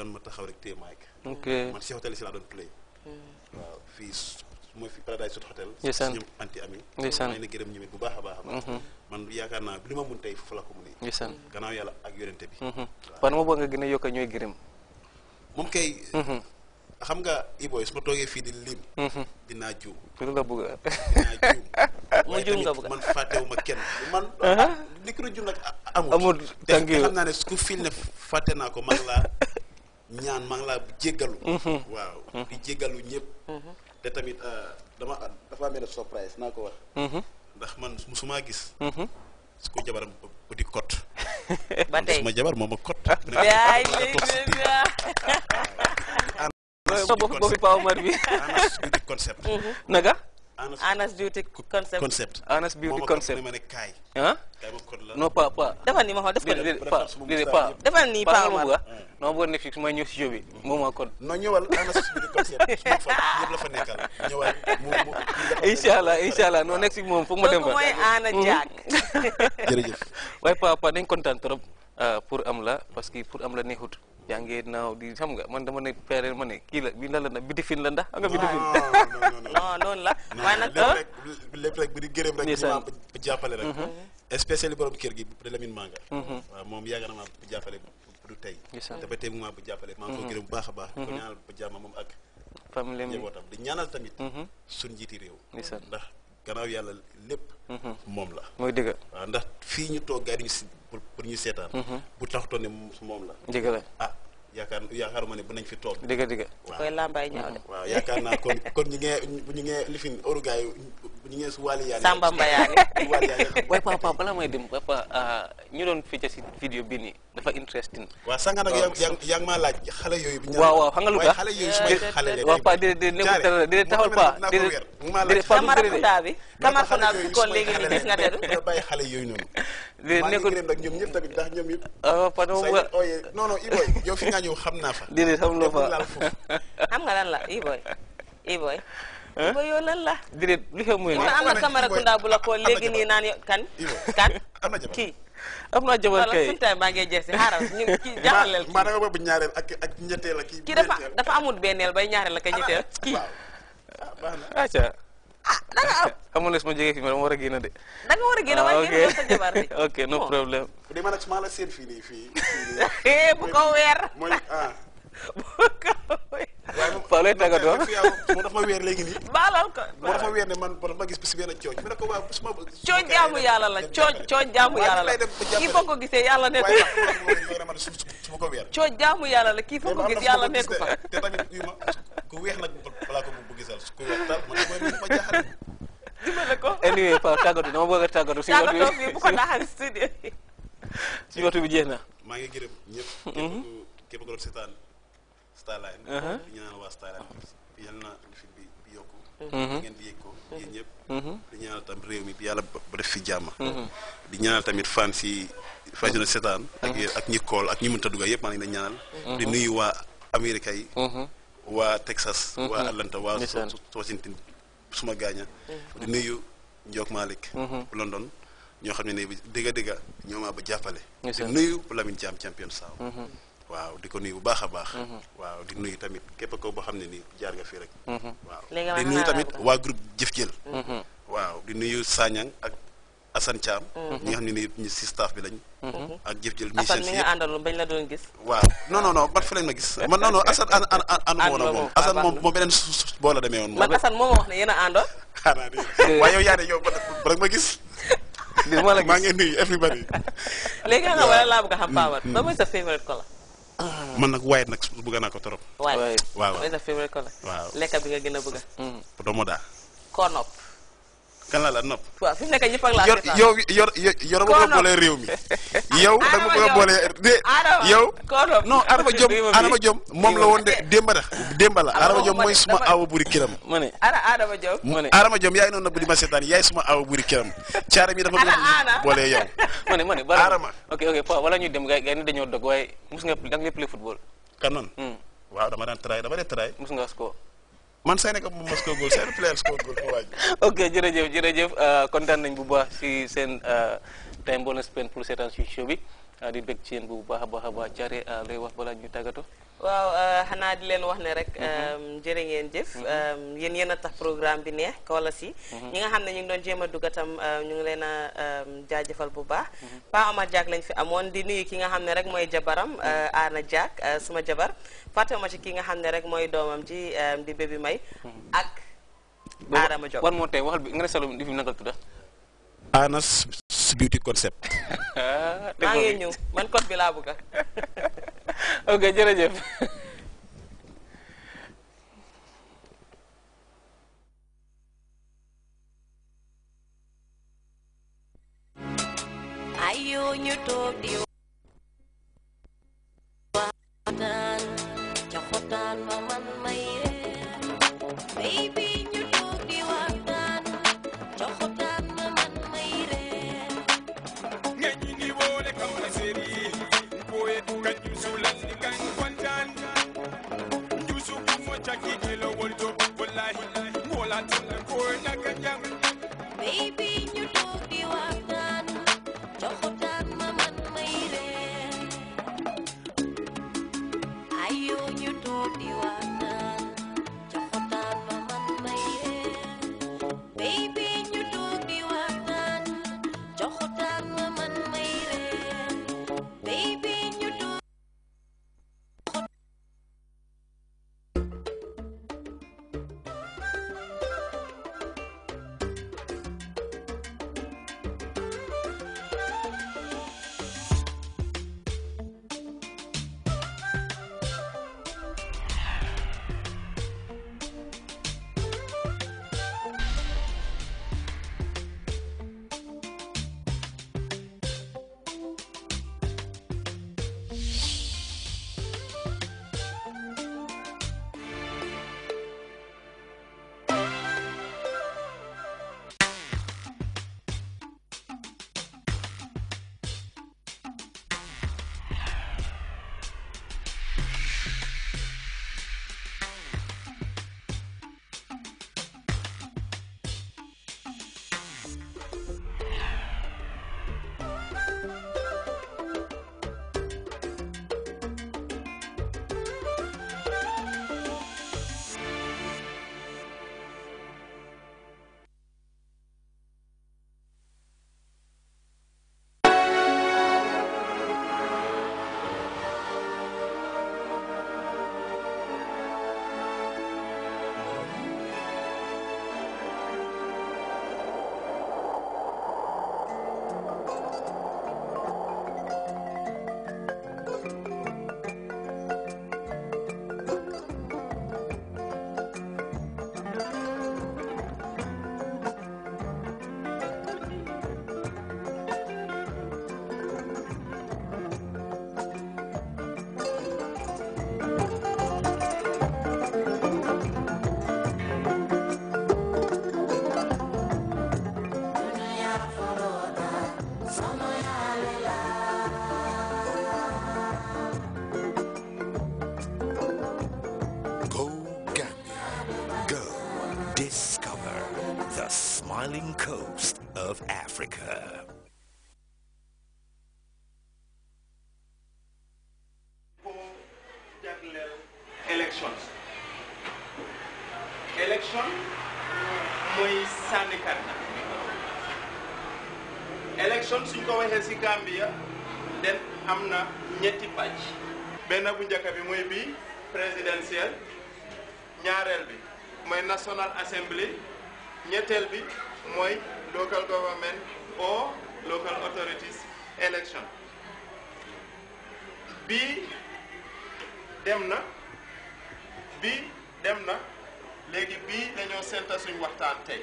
dan ma taxaw rek té mic ok man ci hôtel ci la doon play mm. waaw fi mooy fi Paradise Hotel ci ñu anti ami ñu na gërem ñoom bu baaxa a baax mm-hmm. man yaakaar naa li ma mun tey fa la ko mëne ndeysaan gannaaw yàlla ak yonente bi pan mm-hmm. ma bëgg nga gën a yokk ñooy gërem moom kay mm-hmm. xam nga Iboy su ma toogee fii di lim di dinaa juum lu nga bëgg dinaa juum mu juum nga bëgg man ma kenn man li uh-huh. ko juum nag amul amul tàngi xam naa ne su ku fil ne fàtte naa ko man laa ñaan maa la laa mhm. waaw di jéggalu ñëpp mhm. te tamit euh dama dafa amee surprise nako ko wax mhm. ndax man musuma gis su ko jabaram bu di kot ba tey suma jabar moom a kot yaay so bo boobu Pa Omar bi ana suñu concept naga Anas Beauty concept concept Anas Beauty concept ah non pas pas defal nii ma xool def ko déedéet pas déedéet pas defal nii pas ma bëgg a non boo may ñëw si jóbi moom maa code non ñëwal Anas Beauty concept moom foog ma dem fa mooy Ana hmm? Diak waaye pa pa dañ kontaan trop euh, pour am la parce que pour am la neexut Jangan naw di xam nga mana mana ne mana, kila bila kii la bi la enggak bi difin no, no, no, lah. Nah, mana non mana la waaye nag lépp rek bi di gërëm rek ma jàppale rek spécial borom kër gi bu Lamine Manga waaw moom yàgg na ma jàppale du tey dafa tey ma bu jàppale maa ngi ko gërëm bu baax a baax ko di ñaanal tamit suñ njiiti réew ndax gannaaw yàlla lépp moom la mooy dëgg waaw ndax fii ñu toog gars yi pour ñu seetaan bu to ne mom la la ah yaakaar yaakaaruma ne bu nañ fi toog. dëgg dëgg koy làmbaay ñaaw de. waaw yaakaar naa kon kon ñu ngi ñu ngi lifin orugaay ñu ngi si wàllu yaay Samba Mbayaane waaye papa papa balaa may dem papa ah, ñu doon fecc si vidéo bi nii dafa interesting waaw sànq nag yaa ngi maa laaj xale yooyu waaw waaw xam nga lu tax xale yooyu sumay xale la waaw pa déedéet nekkul dara déedéet taxawal pa déedéet déedéet pa Tamaracounda bi Tamaracounda bi kon léegi nii gis nga tedu bàyyi xale yooyu noonu déedéet nekkul nag ñoom ñëpp tamit ndax ñoom yëpp pa dama ooyee non non Iboy yow fi nga ñëw xam naa fa déedéet xam nga fa xam nga lan la Iboy Iboy ba yow lan la. déedéet li xew mooy. am na Camara Kounda bu la ko léegi nii naan kan. kan kii. am naa jabar kay wala suntaay maa ngi jeex si xaaral kii dafa dafa amul bay ñaareel ak ñetteel. kii acca. ah, ah da am. xamu ne su ma jógee fii ma dama war a génn de. da war a génn ah, waaye génn sa jabar de. ok no problème. bu fii ko weer. Ah. Paulé tàggatoo moo dafa ma weer léegi nii. baalal ko moo dafa weer ne man ma gis si benn cooj. mu ne ko waaw su ma. cooj jaamu yàlla la cooj cooj jaamu yàlla la kii foo ko gisee yàlla nekk. waaye nag su ma ko weer. cooj la kii foo ko gis yàlla nekk anyway Paul tàggatu dama bëgg a tàggatu. si waxtu bi tàggatoo bi bu studio. si waxtu bi jeex na. maa ngi gërëm ñëpp. képp ku Starline uh-huh. ñu naan waa Starline yal na fi bi bi yokku uh-huh. ngeen di yëg ko uh-huh. yéen ñëpp di ñaanal tam réew mi bi yàlla ba def fi jàmm di ñaanal tamit fan si fan si ak ak ñi kool ak ñi mënta dugg yëpp maa ngi leen ñaanal di nuyu waa Amérique yi waa Texas wa Atlanta wa Washington suma gaaña di nuyu Ndiok Malick London ñoo xam ne ne dégga dégga ñoo maa ba jàppale di nuyu Lamine Thiam champion saaw waaw di ko nuyu bu baax a baax. Mhm. waaw di nuyu tamit képp ko boo xam ne nii jaar nga fii rek. Mhm. waaw di nuyu tamit waa groupe Jëf Jël. Mhm. waaw di nuyu sañang ak asan Thiam. ñi nga xam ne nii ñu si staff bi lañ. ak Jëf Jël ñu seen si yëpp andal mi bañ la doon gis. waaw non non non ba fa lañ ma gis man non non asan an an an ànd woon ak moom Assane moom moom beneen suuf boo la demee woon. man asan mom wax ne yena a àndoon. xanaa yow yaane yow ba rek ma gis. li ma la gis maa ngi nuyu everybody. léegi nga wala la bëgg a xam mm, Pape mm. ba mooy sa favorite color man nag waaye nag bëgg naa ko trop. waaye waaw waaw. waaw lekk bi nga gën a bëgg. Mm. Promoda. Konop. kan la la nopp. waaw fi mu nekk ñëpp ak laa seetaan yow yor yor yor ma bëgg a boole réew mi. yow da nga a boole de. yow non Adama Diom Adama Diom moom la woon de démba la démba la Adama Diom mooy suma awa buri kiram. ma ne ana Adama Diom ma yaay noonu bu di ma seetaan yaay suma awa buri kiram caare mi dafa bëgg boole yow. ma ne ma ne Adama. ok ok Pa wala ñuy dem gars yi dañoo dog waaye mus nga da nga play football. kan noonu. Hmm. waaw dama daan try dama dee try. mus nga score. man Sénégal moom ma ko goal seen player score goal mu waaj. ok jërëjëf jërëjëf euh, kontaan nañ bu baax si seen euh, time boo na spend pour seetaan si show bi. di bég ci yéen bu baax a baax a baax Thiaré euh, wax balaa ñuy tàggatoo. waaw euh, xanaa di leen wax ne rek mhm. euh, jërë ngeen jëf mhm. yéen yéen a tax programme bi neex koola si mhm. ñi nga xam ne ñu ngi doon jéem a dugg ñu ngi leen a jaajëfal bu baax Pa Omar lañ fi amoon di nuyu ki nga xam ne rek mooy jabaram Aana Diak suma jabar fàttewuma ci ki nga xam ne rek mooy doomam ji di bébi may ak Adama Diop wan moo tey waxal bi nga ne salum di fi nanga tudda Anas Miss Beauty Concept. maa nyu, man kon bela buka. Oke, jere jep. Ayo nyu top toog you of Africa. Elections. Election mooy sànni karta. Election suñ ko waxee si Gambia den am na ñetti pàcc. benn bu njëkk bi mooy bii présidentielle ñaareel bi mooy National Assembly. ñetteel bi mooy local government or local authorities election bii dem na bi dem na léegi bii dañoo senta suñ waxtaan tey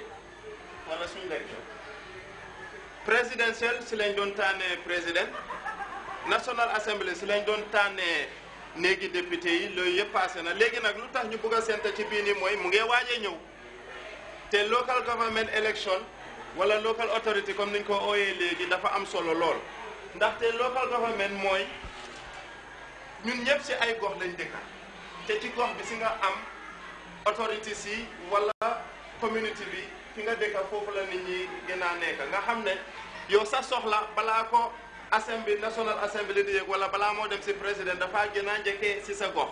wala suñ lecture présidentielle si lañ doon tànnee président national assembly si lañ doon tànnee néegi député yi loolu yëpp passé na léegi nag lu tax ñu bëgg a senta ci bii nii mooy mu ngee waajee ñëw te local government election wala local authority comme niñ ko ooyee léegi dafa am solo lool ndaxte local government mooy ñun ñëpp si ay gox lañ dëkka te ci gox bi si nga am authority si wala community bi ki nga dëkka foofu la nit ñi gën a nga xam ne yow sa soxla balaa ko assembly national assembly di yëg wala balaa moo dem si président dafaa gën a njëkkee si sa gox